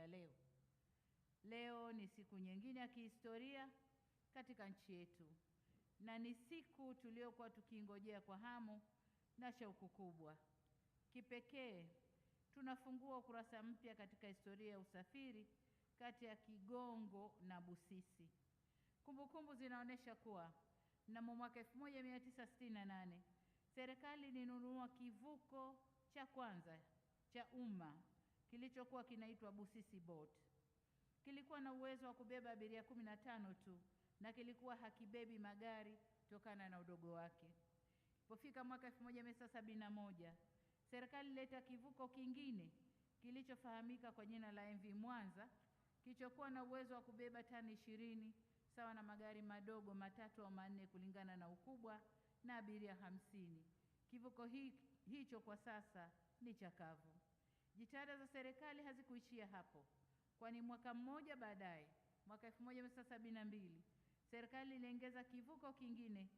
ya leo. Leo ni siku nyingine ya kihistoria katika nchi yetu na ni siku tuliyokuwa tukiingojea kwa hamu na shauku kubwa. Kipekee tunafungua ukurasa mpya katika historia ya usafiri kati ya Kigongo na Busisi. Kumbukumbu zinaonyesha kuwa mnamo mwaka 1968 serikali ilinunua kivuko cha kwanza cha umma kilichokuwa kinaitwa Busisi Boat. Kilikuwa na uwezo wa kubeba abiria kumi na tano tu na kilikuwa hakibebi magari kutokana na udogo wake. Ilipofika mwaka 1971 serikali ileta kivuko kingine kilichofahamika kwa jina la MV Mwanza kilichokuwa na uwezo wa kubeba tani ishirini sawa na magari madogo matatu au manne kulingana na ukubwa na abiria hamsini. Kivuko hi, hicho kwa sasa ni chakavu. Jitihada za serikali hazikuishia hapo, kwani mwaka mmoja baadaye, mwaka 1972 serikali iliongeza kivuko kingine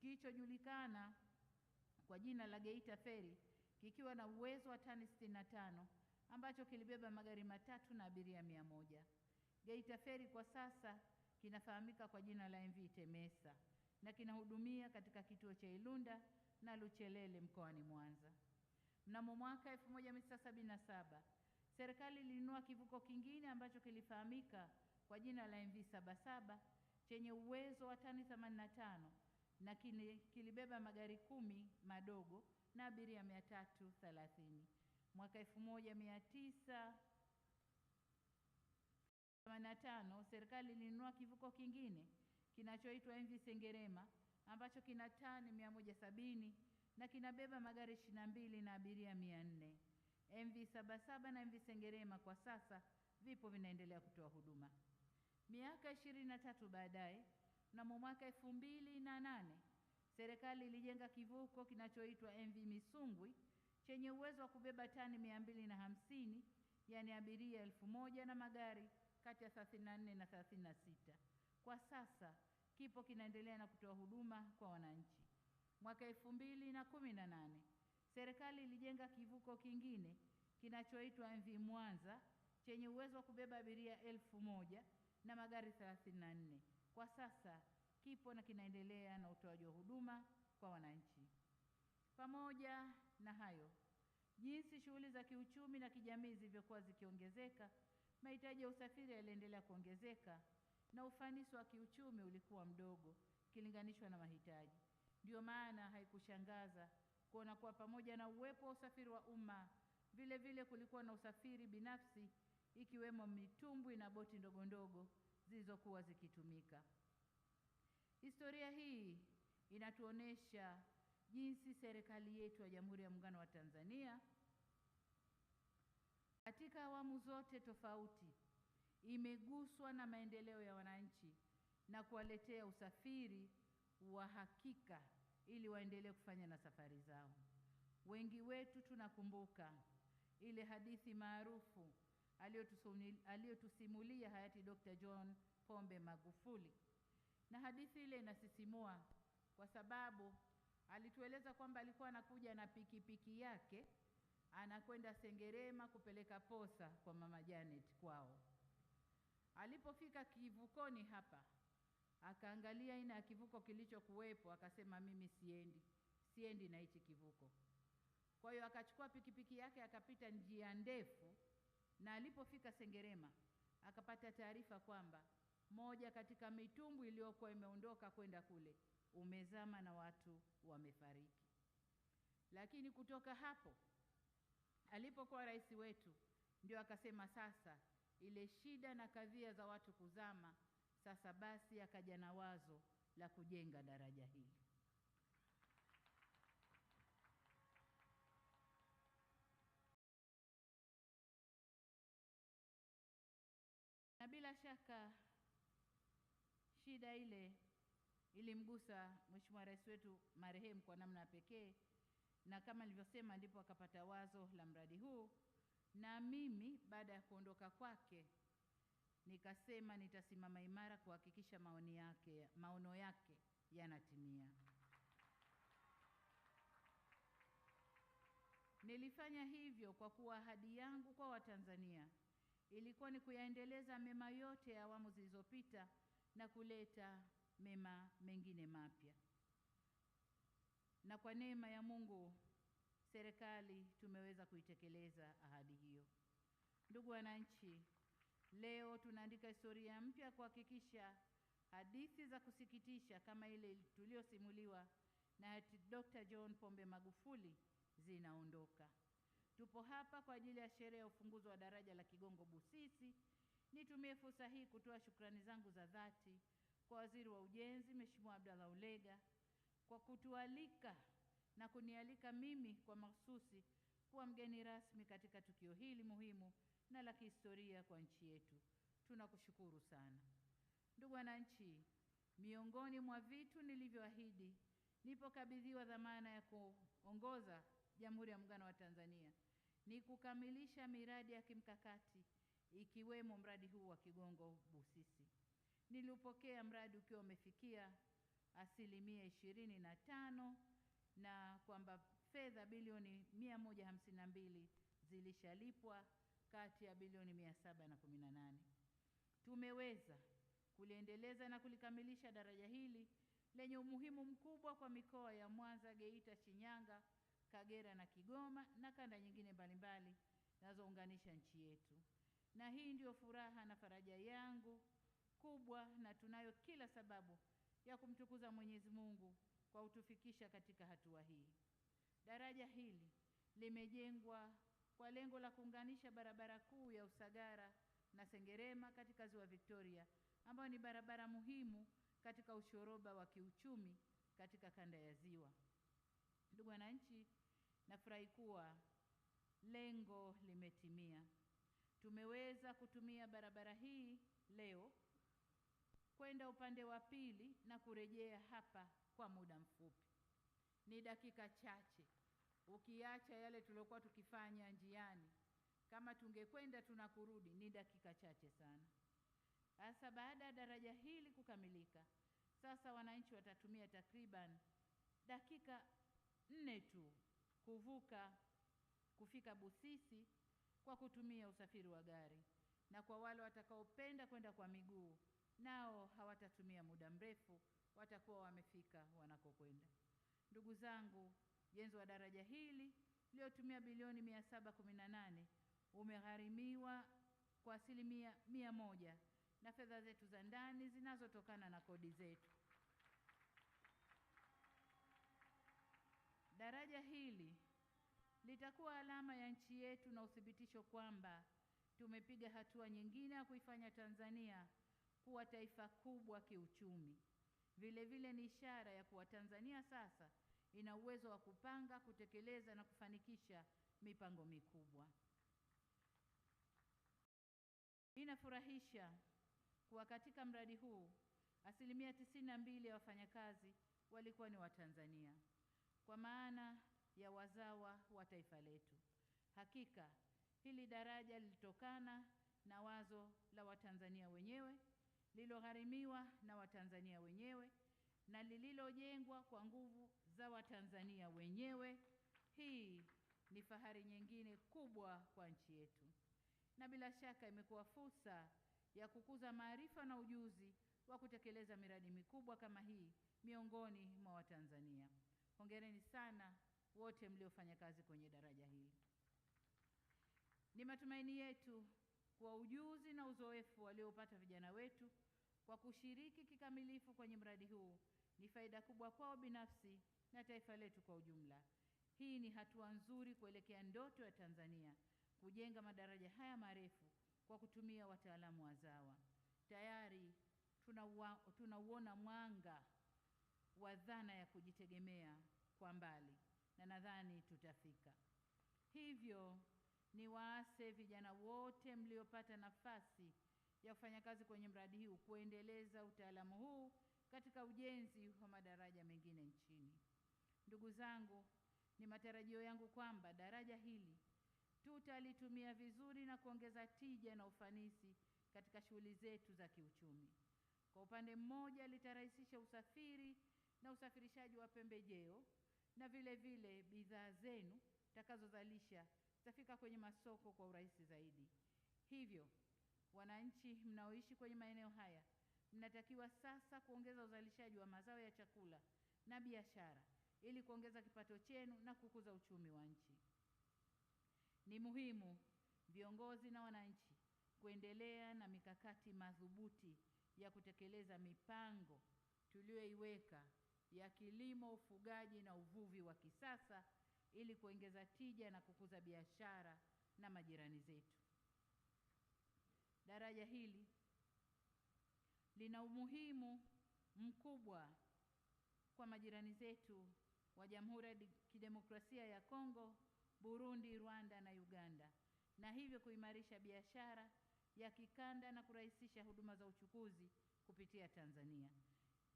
kilichojulikana kwa jina la Geita Ferry kikiwa na uwezo wa tani 65 ambacho kilibeba magari matatu na abiria mia moja. Geita Ferry kwa sasa kinafahamika kwa jina la MV Temesa na kinahudumia katika kituo cha Ilunda na Luchelele mkoani Mwanza. Mnamo mwaka 1977 serikali ilinunua kivuko kingine ambacho kilifahamika kwa jina la MV Sabasaba chenye uwezo wa tani 85 na kilibeba magari kumi madogo na abiria 330. Mwaka 1985 serikali ilinunua kivuko kingine kinachoitwa MV Sengerema ambacho kina tani 170 na kinabeba magari ishirini na na abiria mia MV Sabasaba na MV Sengerema kwa sasa vipo vinaendelea kutoa huduma. Miaka ishirini na tatu baadaye, mnamo mwaka elfu na serikali ilijenga kivuko kinachoitwa MV Misungwi chenye uwezo wa kubeba tani 250 mbili yaani abiria 1000 na magari kati ya 34 na 36. Kwa sasa kipo kinaendelea na kutoa huduma kwa wananchi mwaka elfu mbili na kumi na nane serikali ilijenga kivuko kingine kinachoitwa MV Mwanza chenye uwezo wa kubeba abiria elfu moja na magari 34. Kwa sasa kipo na kinaendelea na utoaji wa huduma kwa wananchi. Pamoja na hayo, jinsi shughuli za kiuchumi na kijamii zilivyokuwa zikiongezeka, mahitaji ya usafiri yaliendelea kuongezeka na ufanisi wa kiuchumi ulikuwa mdogo ikilinganishwa na mahitaji. Ndiyo maana haikushangaza kuona kuwa pamoja na uwepo wa usafiri wa umma, vile vile kulikuwa na usafiri binafsi, ikiwemo mitumbwi na boti ndogo ndogo zilizokuwa zikitumika. Historia hii inatuonesha jinsi serikali yetu ya Jamhuri ya Muungano wa Tanzania katika awamu zote tofauti imeguswa na maendeleo ya wananchi na kuwaletea usafiri wa hakika ili waendelee kufanya na safari zao. Wengi wetu tunakumbuka ile hadithi maarufu aliyotusimulia hayati Dr. John Pombe Magufuli, na hadithi ile inasisimua kwa sababu alitueleza kwamba alikuwa anakuja na pikipiki piki yake anakwenda Sengerema kupeleka posa kwa Mama Janet kwao. Alipofika kivukoni hapa Akaangalia aina ya kivuko kilichokuwepo, akasema mimi siendi, siendi na hichi kivuko. Kwa hiyo akachukua pikipiki yake akapita njia ndefu, na alipofika Sengerema akapata taarifa kwamba moja katika mitumbwi iliyokuwa imeondoka kwenda kule umezama na watu wamefariki. Lakini kutoka hapo alipokuwa rais wetu, ndio akasema sasa ile shida na kadhia za watu kuzama sasa basi akaja na wazo la kujenga daraja hili. Na bila shaka shida ile ilimgusa Mheshimiwa Rais wetu marehemu kwa namna pekee, na kama nilivyosema, ndipo akapata wazo la mradi huu, na mimi baada ya kuondoka kwake nikasema nitasimama imara kuhakikisha maoni yake, maono yake yanatimia. Nilifanya hivyo kwa kuwa ahadi yangu kwa Watanzania ilikuwa ni kuyaendeleza mema yote ya awamu zilizopita na kuleta mema mengine mapya. Na kwa neema ya Mungu, serikali tumeweza kuitekeleza ahadi hiyo. Ndugu wananchi, Leo tunaandika historia mpya kuhakikisha hadithi za kusikitisha kama ile tuliyosimuliwa na Dr. John Pombe Magufuli zinaondoka. Tupo hapa kwa ajili ya sherehe ya ufunguzi wa daraja la Kigongo Busisi. Nitumie fursa hii kutoa shukrani zangu za dhati kwa Waziri wa Ujenzi Mheshimiwa Abdallah Ulega kwa kutualika na kunialika mimi kwa mahususi kuwa mgeni rasmi katika tukio hili muhimu na la kihistoria kwa nchi yetu. Tunakushukuru sana. Ndugu wananchi, miongoni mwa vitu nilivyoahidi nilipokabidhiwa dhamana ya kuongoza Jamhuri ya Muungano wa Tanzania ni kukamilisha miradi ya kimkakati ikiwemo mradi huu wa Kigongo Busisi. Niliupokea mradi ukiwa umefikia asilimia ishirini na tano na kwamba fedha bilioni mia moja hamsini na mbili zilishalipwa kati ya bilioni 718. Tumeweza kuliendeleza na kulikamilisha daraja hili lenye umuhimu mkubwa kwa mikoa ya Mwanza, Geita, Shinyanga, Kagera na Kigoma na kanda nyingine mbalimbali zinazounganisha nchi yetu. Na hii ndiyo furaha na faraja yangu kubwa, na tunayo kila sababu ya kumtukuza Mwenyezi Mungu kwa kutufikisha katika hatua hii. Daraja hili limejengwa kwa lengo la kuunganisha barabara kuu ya Usagara na Sengerema katika ziwa Victoria, ambayo ni barabara muhimu katika ushoroba wa kiuchumi katika kanda ya ziwa. Ndugu wananchi, nafurahi kuwa lengo limetimia. Tumeweza kutumia barabara hii leo kwenda upande wa pili na kurejea hapa kwa muda mfupi, ni dakika chache ukiacha yale tuliokuwa tukifanya njiani, kama tungekwenda tunakurudi ni dakika chache sana. Sasa baada ya daraja hili kukamilika, sasa wananchi watatumia takriban dakika nne tu kuvuka kufika Busisi kwa kutumia usafiri wa gari, na kwa wale watakaopenda kwenda kwa miguu nao hawatatumia muda mrefu, watakuwa wamefika wanakokwenda. Ndugu zangu, Ujenzi wa daraja hili uliotumia bilioni 718 umegharimiwa kwa asilimia mia moja na fedha zetu za ndani zinazotokana na kodi zetu. Daraja hili litakuwa alama ya nchi yetu na uthibitisho kwamba tumepiga hatua nyingine ya kuifanya Tanzania kuwa taifa kubwa kiuchumi. Vilevile ni ishara ya kuwa Tanzania sasa ina uwezo wa kupanga, kutekeleza na kufanikisha mipango mikubwa. Inafurahisha kuwa katika mradi huu asilimia tisini na mbili ya wafanyakazi walikuwa ni Watanzania kwa maana ya wazawa wa taifa letu. Hakika hili daraja lilitokana na wazo la Watanzania wenyewe lililogharimiwa na Watanzania wenyewe na lililojengwa kwa nguvu za Watanzania wenyewe. Hii ni fahari nyingine kubwa kwa nchi yetu, na bila shaka imekuwa fursa ya kukuza maarifa na ujuzi wa kutekeleza miradi mikubwa kama hii miongoni mwa Watanzania. Hongereni sana wote mliofanya kazi kwenye daraja hili. Ni matumaini yetu kwa ujuzi na uzoefu waliopata vijana wetu kwa kushiriki kikamilifu kwenye mradi huu ni faida kubwa kwao binafsi na taifa letu kwa ujumla. Hii ni hatua nzuri kuelekea ndoto ya Tanzania kujenga madaraja haya marefu kwa kutumia wataalamu wazawa. Tayari tunauona mwanga wa dhana ya kujitegemea kwa mbali na nadhani tutafika. Hivyo ni waase vijana wote mliopata nafasi ya kufanya kazi kwenye mradi huu kuendeleza utaalamu huu katika ujenzi wa madaraja mengine nchini. Ndugu zangu, ni matarajio yangu kwamba daraja hili tutalitumia vizuri na kuongeza tija na ufanisi katika shughuli zetu za kiuchumi. Kwa upande mmoja, litarahisisha usafiri na usafirishaji wa pembejeo na vile vile bidhaa zenu takazozalisha zitafika kwenye masoko kwa urahisi zaidi. Hivyo, wananchi mnaoishi kwenye maeneo haya mnatakiwa sasa kuongeza uzalishaji wa mazao ya chakula na biashara ili kuongeza kipato chenu na kukuza uchumi wa nchi. Ni muhimu viongozi na wananchi kuendelea na mikakati madhubuti ya kutekeleza mipango tuliyoiweka ya kilimo, ufugaji na uvuvi wa kisasa ili kuongeza tija na kukuza biashara na majirani zetu. Daraja hili lina umuhimu mkubwa kwa majirani zetu wa Jamhuri ya Kidemokrasia ya Kongo, Burundi, Rwanda na Uganda, na hivyo kuimarisha biashara ya kikanda na kurahisisha huduma za uchukuzi kupitia Tanzania.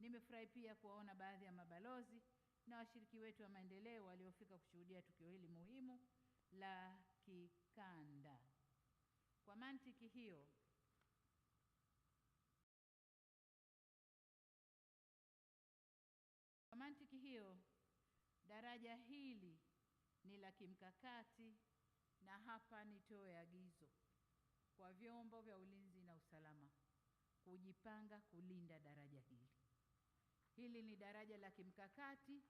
Nimefurahi pia kuwaona baadhi ya mabalozi na washiriki wetu wa maendeleo waliofika kushuhudia tukio hili muhimu la kikanda. Kwa mantiki hiyo Daraja hili ni la kimkakati na hapa nitoe agizo kwa vyombo vya ulinzi na usalama kujipanga kulinda daraja hili. Hili ni daraja la kimkakati,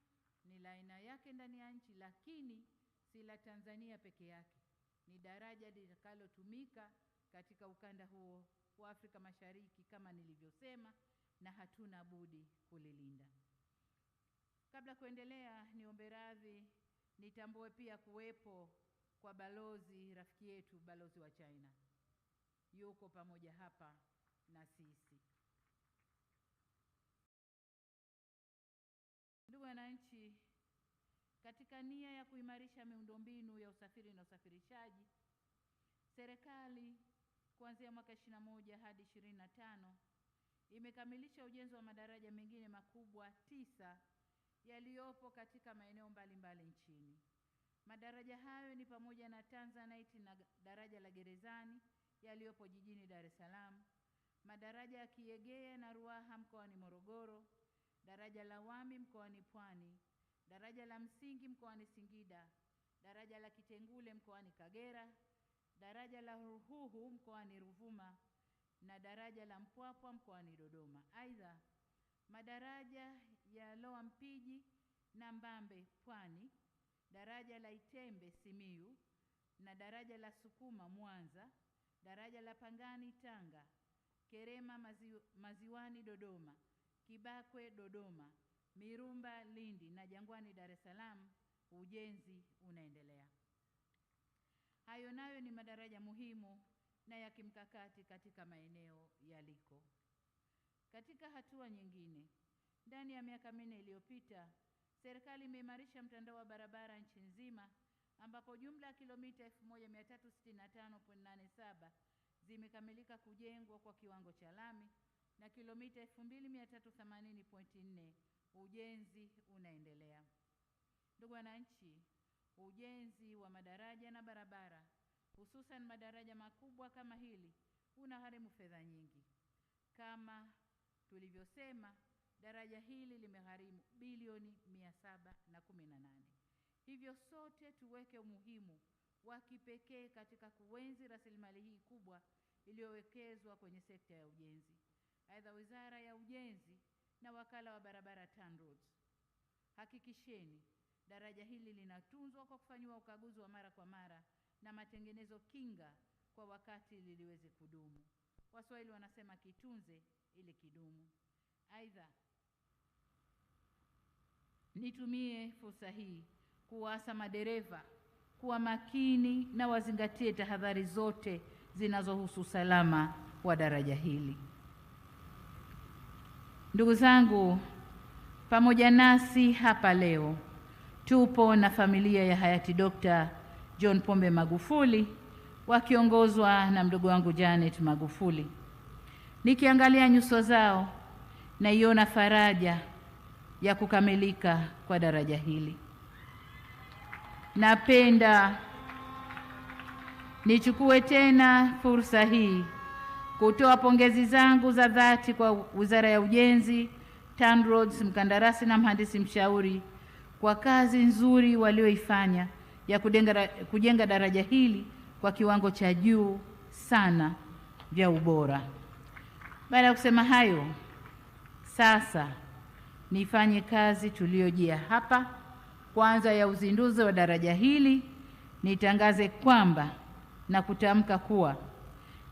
ni la aina yake ndani ya nchi, lakini si la Tanzania peke yake. Ni daraja litakalotumika katika ukanda huo wa Afrika Mashariki kama nilivyosema, na hatuna budi kulilinda. Kabla kuendelea, niombe radhi, nitambue pia kuwepo kwa balozi rafiki yetu, balozi wa China yuko pamoja hapa na sisi. Ndugu wananchi, katika nia ya kuimarisha miundombinu ya usafiri na usafirishaji, serikali kuanzia mwaka 21 hadi 25 imekamilisha ujenzi wa madaraja mengine makubwa tisa yaliyopo katika maeneo mbalimbali nchini. Madaraja hayo ni pamoja na Tanzanite na daraja la Gerezani yaliyopo jijini Dar es Salaam, madaraja ya Kiegea na Ruaha mkoani Morogoro, daraja la Wami mkoani Pwani, daraja la Msingi mkoani Singida, daraja la Kitengule mkoani Kagera, daraja la Ruhuhu mkoani Ruvuma na daraja la Mpwapwa mkoani Dodoma. Aidha, madaraja ya Loa Mpiji na Mbambe Pwani, daraja la Itembe Simiyu na daraja la Sukuma Mwanza, daraja la Pangani Tanga, Kerema mazi, Maziwani Dodoma, Kibakwe Dodoma, Mirumba Lindi na Jangwani Dar es Salaam. Ujenzi unaendelea. Hayo nayo ni madaraja muhimu na ya kimkakati katika maeneo yaliko. Katika hatua nyingine ndani ya miaka minne iliyopita, serikali imeimarisha mtandao wa barabara nchi nzima ambapo jumla ya kilomita 1365.87 zimekamilika kujengwa kwa kiwango cha lami na kilomita 2380.4 ujenzi unaendelea. Ndugu wananchi, ujenzi wa madaraja na barabara hususan madaraja makubwa kama hili unagharimu fedha nyingi. Kama tulivyosema Daraja hili limegharimu bilioni 718. Hivyo sote tuweke umuhimu wa kipekee katika kuenzi rasilimali hii kubwa iliyowekezwa kwenye sekta ya ujenzi. Aidha, Wizara ya Ujenzi na wakala wa barabara TANROADS, hakikisheni daraja hili linatunzwa kwa kufanyiwa ukaguzi wa mara kwa mara na matengenezo kinga kwa wakati ili liweze kudumu. Waswahili wanasema kitunze ili kidumu. Aidha, Nitumie fursa hii kuwaasa madereva kuwa makini na wazingatie tahadhari zote zinazohusu usalama wa daraja hili. Ndugu zangu, pamoja nasi hapa leo tupo na familia ya hayati Dr. John Pombe Magufuli wakiongozwa na mdogo wangu Janet Magufuli. Nikiangalia nyuso zao naiona faraja ya kukamilika kwa daraja hili. Napenda nichukue tena fursa hii kutoa pongezi zangu za dhati kwa Wizara ya Ujenzi, TANROADS, mkandarasi na mhandisi mshauri kwa kazi nzuri walioifanya ya kudenga, kujenga daraja hili kwa kiwango cha juu sana vya ubora. Baada ya kusema hayo, sasa nifanye kazi tuliyojia hapa, kwanza ya uzinduzi wa daraja hili. Nitangaze kwamba na kutamka kuwa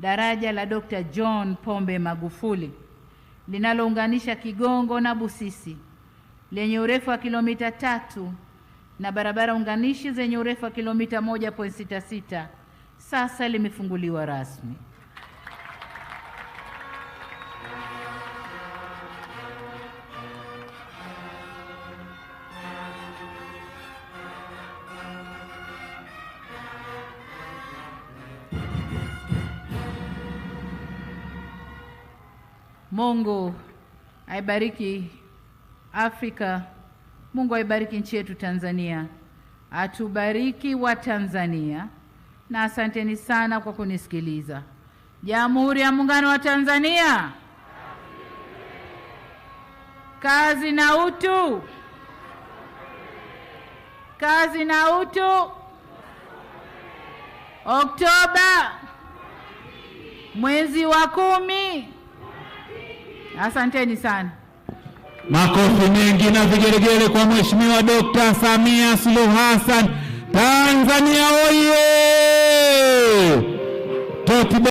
daraja la Dr. John Pombe Magufuli linalounganisha Kigongo na Busisi lenye urefu wa kilomita tatu na barabara unganishi zenye urefu wa kilomita 1.66 sasa limefunguliwa rasmi. Mungu aibariki Afrika, Mungu aibariki nchi yetu Tanzania, atubariki wa Tanzania, na asanteni sana kwa kunisikiliza. Jamhuri ya Muungano wa Tanzania, kazi na utu, kazi na utu. Oktoba mwezi wa kumi Asanteni sana. Makofi mengi na vigelegele kwa Mheshimiwa Dkt. Samia Suluhu Hassan. Tanzania oye!